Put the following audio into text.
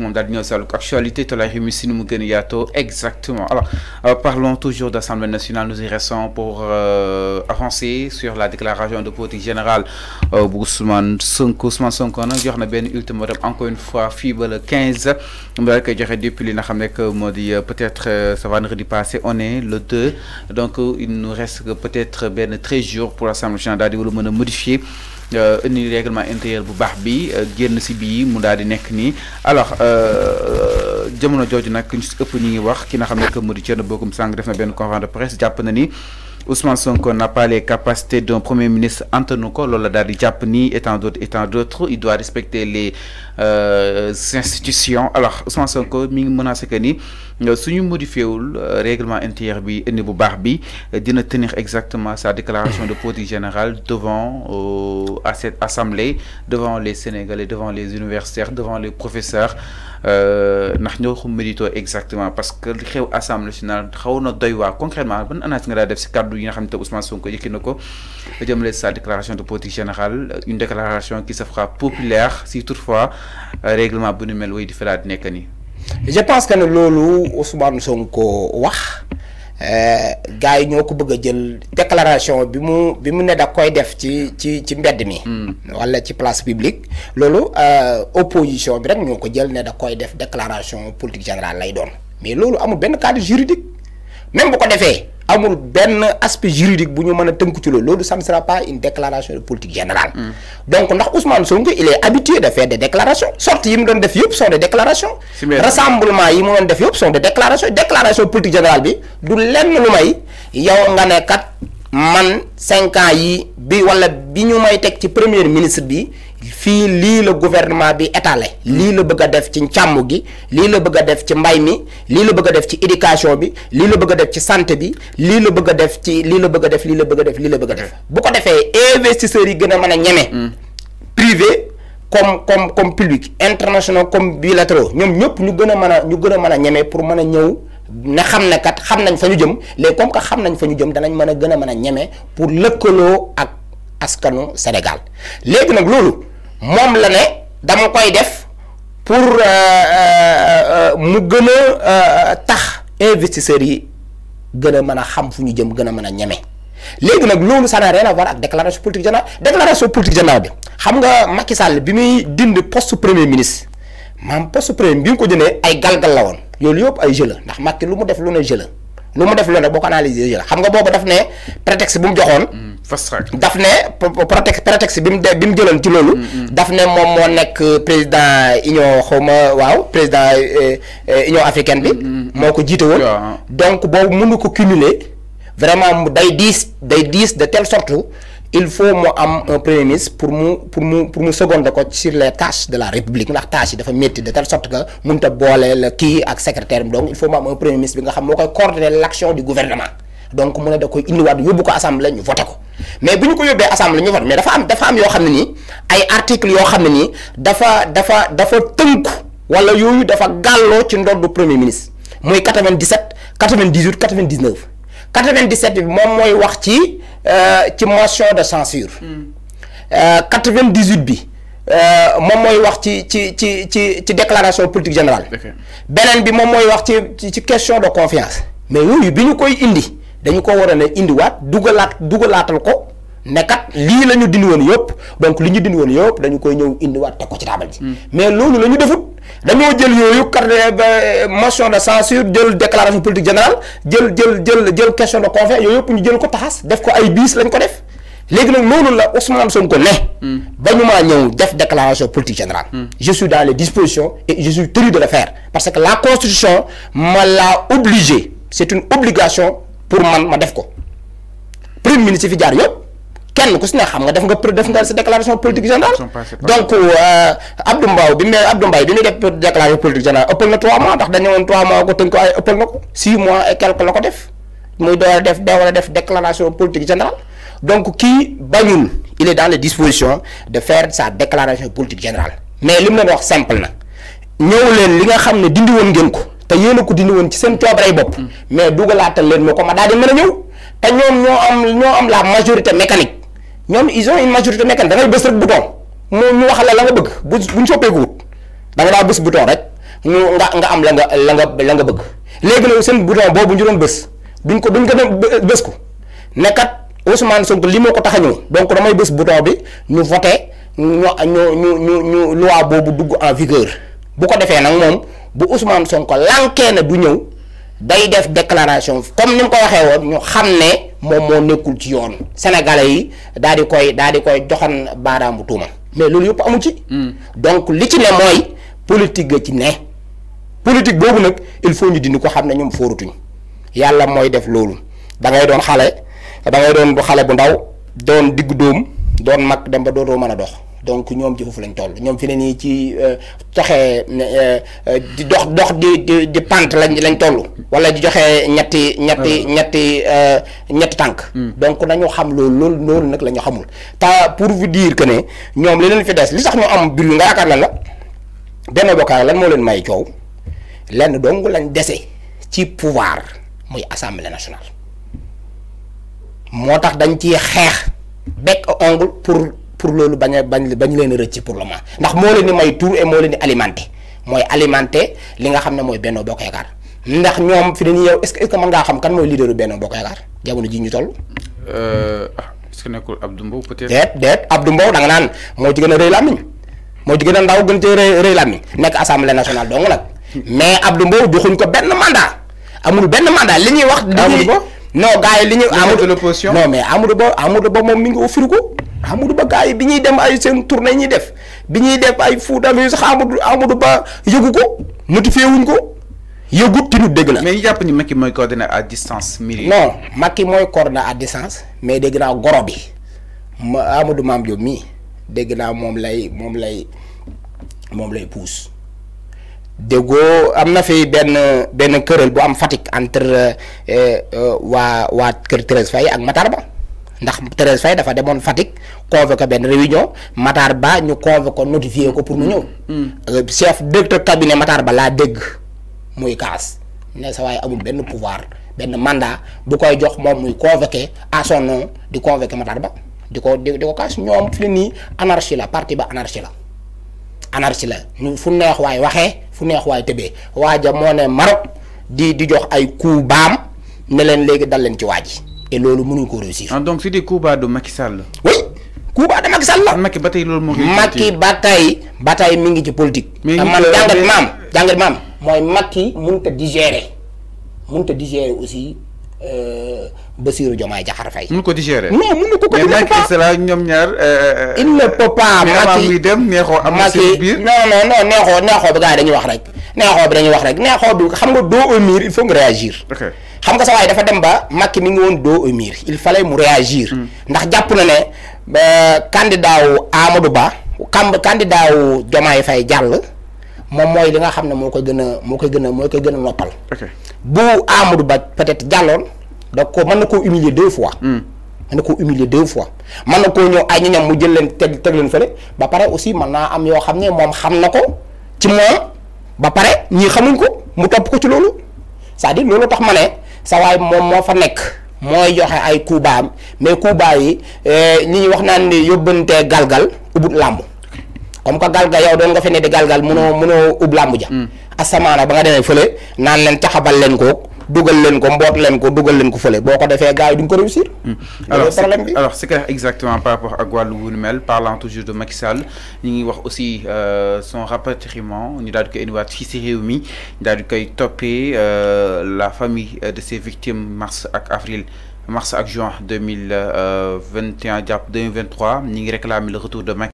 moom daal di de la actualité nous exactement alors euh, parlons toujours d'assemblée nationale nous y restons pour euh, avancer sur la déclaration de politique générale euh, bu Ousmane Sonko Ousmane Sonko nous jox na ultimement encore une fois le 15 Nous que koy depuis les nga que peut être ça va vendredi passé on est le 2 donc il nous reste peut être bien 13 jours pour l'assemblée nationale daal modifier. Euh, indi réglement intérieur bu baax bi euh, génn si bii mu daal di nekk nii alors euh, jamono jooju nag ñu si ëpp ñu ngi wax ki na xam ne que mu di Thierno Bocoum Sangue def na benn conférence de presse jàpp na ni. Ousmane Sonko n'a pas les capacités d'un premier ministre Antonoko Loladari Japoni étant d'autres, il doit respecter les euh, institutions. Alors, Ousmane Sonko, Ming ngi que ni euh, suñu modifié le euh, règlement intérieur bi indi bu baax tenir exactement sa déclaration de politique générale devant à cette assemblée, devant les Sénégalais, devant les universitaires, devant les professeurs. Euh, ndax ñoo ko mérito exactement parce que li xew assemblée nationale xaw doy waa concrètement ben analyse nga daa def si kàddu yi nga xam Ousmane Sonko yëkki nous ko jëmale sa déclaration de politique générale une déclaration qui se fera populaire si toutefois euh, règlement bu nu mel way di firaat nekk je pense que ne loolu Ousmane Sonko wax. Euh, gars yi ñoo ko bëgg a jël déclaration bi mu bi mu ne da koy def ci ci ci mbedd mi. Hmm. wala ci place publique. loolu euh, opposition bi rek ñoo ko jël ne da koy def déclaration politique générale lay doon mais loolu amul benn cadre juridique même bu ko defee. amul Ben aspect juridique ne sera pas une déclaration de politique générale. Hmm. donc Ousmane Sonko il est habitué de faire des déclarations. sorties yi mu sont des déclarations. rassemblement yi mu def sont des déclarations déclaration politique générale bi du lenn lu may yow nga kat man ans yi bi wala may premier ministre fii li le gouvernement bi étalé li le bëgg def ci càmm gi lii la bëgg def ci mbay mi lii le bëgg def ci éducation bi li le bëgg def ci santé bi li le bëgg def ci li le bëgg def li le bëgg def li le bëgg def bu ko défé investisseurs yi gëna mëna ñëmé hmm. privé comme comme comme public international comme bilatéraux ñom ñëpp ñu gëna mëna ñu gëna mëna ñëmé pour mëna ñëw ne xamne kat xam nañ fa jëm les comme ko xam nañ fa jëm dañ mën a gën a mën pour lëkkaloo ak askanu Sénégal légui nak lolu moom la ne dama koy def pour euh, euh, euh, mu gën a tax investisseurs yi gën a a xam fu ñu jëm gën a mën a ñeme léegi nag loolu ça n'a rien à voir ak déclaration politique générale déclaration politique générale bi xam nga Macky Sall bi muy dindi poste premier ministre maam poste premier bi nga ko jëndee ay galgal la woon loolu yëpp ay jeu ndax Macky lu mu def lu ne jeu lu mu def lu ne boo ko analyser jeu la xam nga boobu daf ne prétexte bu mu joxoon. Hmm. daf ne prétexte prétexte bi de ci loolu. Mm, mm. daf ne moom président union xaw ma waaw président euh, euh, union africaine bi. Mm, moko jité won donc bobu mënu ko cumuler vraiment mu day 10 day 10 de telle sorte il faut mo am un premier ministre pour mu pour mu pour mu seconder ko sur les tâches de la république ndax tâches dafa metti de telle sorte que mënut bolé le qui ak secrétaire donc il faut mo am un premier ministre bi nga xam moo koy coordonner l'action du gouvernement donc mu ne da koy indiwaat yóbbu ko assemblée ñu voter ko mais buñ ko yobé assemblée ñu vote mais dafa am dafa am yo xamni ni ay article yo xamni ne dafa dafa dafa tënku wala yoyu dafa gallo ci ndoddu premier ministre moy 97 98 99 97 bi moom mooy wax ci euh, ci motion de censure 98 hmm. euh, bi euh, mom moy wax ci ci ci ci ci déclaration politique générale benen bi mom moy wax ci ci question de confiance mais yoyu biñu koy indi dañu ko war a ne indiwaat dugalaat dugalaatal ko ne kat li lañu ñu dindi woon yëpp donc liñu ñu dindi woon yëpp dañu koy ñëw indiwaat teg ko ci taabal ji. Hmm. mais loolu lañu defut dañu jël yoyu carnet eh, eh, motion de censure jël déclaration politique générale jël jël jël jël question de confiance yoyu yop ñu jël ko taxas def ko ay bis lañ ko def. légui nak loolu la Ousmane Sonko ne. Hmm. ba ñu maa def déclaration politique générale. Hmm. je suis dans les dispositions et je suis tenu de le faire parce que la constitution m'a l'a obligé c'est une obligation pour man ma def ko premier ministre fi jaar yëpp kenn ku ci ne xam nga def nga def nga sa déclaration politique générale. donc euh Abdou mbaw bi mu Abdou Mbaye bi muy def déclaration politique générale ëppal na 3 mois tax dañu woon 3 mois ko tënk ko ay ëppal nako 6 mois et quelque la def muy door def da wala def déclaration politique générale donc ki bañul il est dans les dispositions de faire sa déclaration politique générale mais li mu wax simple na ñew leen li nga xam ne dindi won ngeen ko. te yéen a ko dindi woon ci seen coobarey bopp. Mm. mais dugalaatal leen moo ko ma daal di mën a ñëw. te ñoom ñoo am ñoo am la majorité mécanique ñoom ils ont une majorité mécanique da ngay bës rek bouton moo ñu wax la la nga bëgg bu bu ñu soppeekuwut da nga daa bës bouton rek ñu nga nga am la nga la nga la nga bëgg léegi nag seen bouton boobu ñu doon bës duñ ko duñ ko doon bës ko nekkat kat Ousmane li moo ko tax a ñëw donc damay bës bouton bi ñu voté ñu ñu ñu ñu loi boobu dugg en vigueur bu ko defee nag moom. bu Ousmane Sonko lànkee na du ñëw day def déclaration comme ni mu ko waxee woon ñu xam ne moom moo nekkul ci yoon sénégalais yi daal di koy daal di koy joxan baaraamu tuuma mais loolu yëpp amu ci. Hmm. donc li ci ne mooy politique ga ci ne. politique boobu nag il faut ñu dindi ko xam ne ñoom fóorutuñ yàlla mooy def loolu da ngay doon xale da ngay doon bu xale bu ndaw doon diggu dóom doon mag dem ba dootoo mën a dox. donc ñom ci lañ toll ñom fi ne ci taxé di wala di ah. euh, hmm. donc nañu xam lool lool xamul pour vous dire que né ñom li leen fi des li sax ñu am nga yakar lan la benn bokay lan mo leen may ciow lenn dong lañ déssé ci pouvoir muy assemblée nationale pour pour lolu bañ bañ bañ leen recc pour le moment ndax mo leen ni may tour et mo leen ni alimenté mooy alimenté li nga xamne moy benno bokay gar ndax ñom fi dañuy yow est ce que man nga xam kan moy leaderu benno bokay gar jamono ji ñu toll. euh ah, est ce que nekul Abdou Mbow peut être. déet déet Abdou Mbow da nga nan mo ci gëna reuy rëy mo ci gëna ndaw gën cee rëy rëy làmmiñ assemblée nationale dong nak mais Abdou Mbow joxuñ ko benn mandat amul benn mandat li ñuy wax. amul non gaay li ñuy. amul non mais amul bo amul bo mom mi ngi offrir ko amadou ba gaay bi ñuy dem ay seen tourné ñi def bi ñuy def ay fouta yu sax amadou amudu ba yegu ko notifié wuñ ko yegut timit deug la mais ñi japp ni makki moy coordonné à distance miri non makki moy coordonné à distance mais deug na goro bi amadou mam jom mi deug na mom lay mom lay mom lay pousse dego amna fi ben ben keurel bu am fatik entre euh, euh, wa wa keur 13 fay ak matarba ndax Thérèse Faye dafa demoon Fatick convoqué benn réunion Matar Ba ñu convoqué ko notifié ko pour mu ñëw. Mm. Euh, chef directeur cabinet Matar Ba la dégg muy kaas ne sa waaye amul benn pouvoir benn mandat bu koy jox moom muy convoqué à son nom di convoqué Matar Ba di ko di ko kaas ñoom fi nii anarchie la parti ba anarchie la. anarchie la ñu fu neex waay waxee fu neex waay tëbee waaja moo ne Maroc di di jox ay coup baam ne leen léegi dal leen ci waaji et loolu mënuñ ko réussir. ah donc c'est des coups bas de Macky Sall la. oui coup bas de Macky Sall la. Macky ba tey loolu moo ngi. Macky ba tey ba tey mi ngi ci politique. mais ah, ma jàngat maam jàngat maam. mooy Macky mënut a digérer mënut a digérer aussi. Euh, Bassirou Diomaye Diakhar Faye. mun ko digérer. non mun ko ko digérer pas mais ñoom ñaar. Euh, euh, il ne peut pas. Euh, Macky muy dem neexoo am bi gars yi dañuy wax rek. neexoo bi dañuy wax rek neexoo bi xam nga doo au mur il faut nga réagir. xam nga sa dafa dem ba Macky mi ngi woon dos au il fallait mu réagir. Hmm. ndax jàpp na ne candidat wu Amadou Ba. kam candidat wu Diomaye fay jàll. moom mooy li nga xam ne moo koy gën moo koy gën a moo koy gën a noppal. bu Amadou Ba peut-être jàlloon. dako man nako humilier deux fois. hmm man nako humilier deux fois man nako koo ay ñam mu jël leen tegg tegg leen fele ba paré aussi man na am yo xamné mom xam nako ci moom ba paré ñi xamuñ ko mu top ko ci lolu ça dit lolu tax mané sa way mom mo fa nek moy joxe ay kuubaam mais kuubaa yi li euh, wax naan ni yobante galgal ubut lamb comme ko galgal yow do nga fi ne di galgal mëno mëno ub lamb ja hmm. asamaana ba nga demee fele naan leen taxabal leen ko dugal leen ko mboot leen ko dugal leen ko fële boo ko defee duñ ko réussir. Hmm. alors problème bi alors c'est clair exactement par rapport à wàllu wu mel parlant toujours de Macky Sall ñi ngi wax aussi euh, son rapatriement ñu daal di koy indiwaat ci si réew mi ñu daal di koy toppee euh, la famille euh, de ses victimes mars ak avril. mars ak juin 2021 jàpp 2023 ñi ngi réclamer le retour de Macky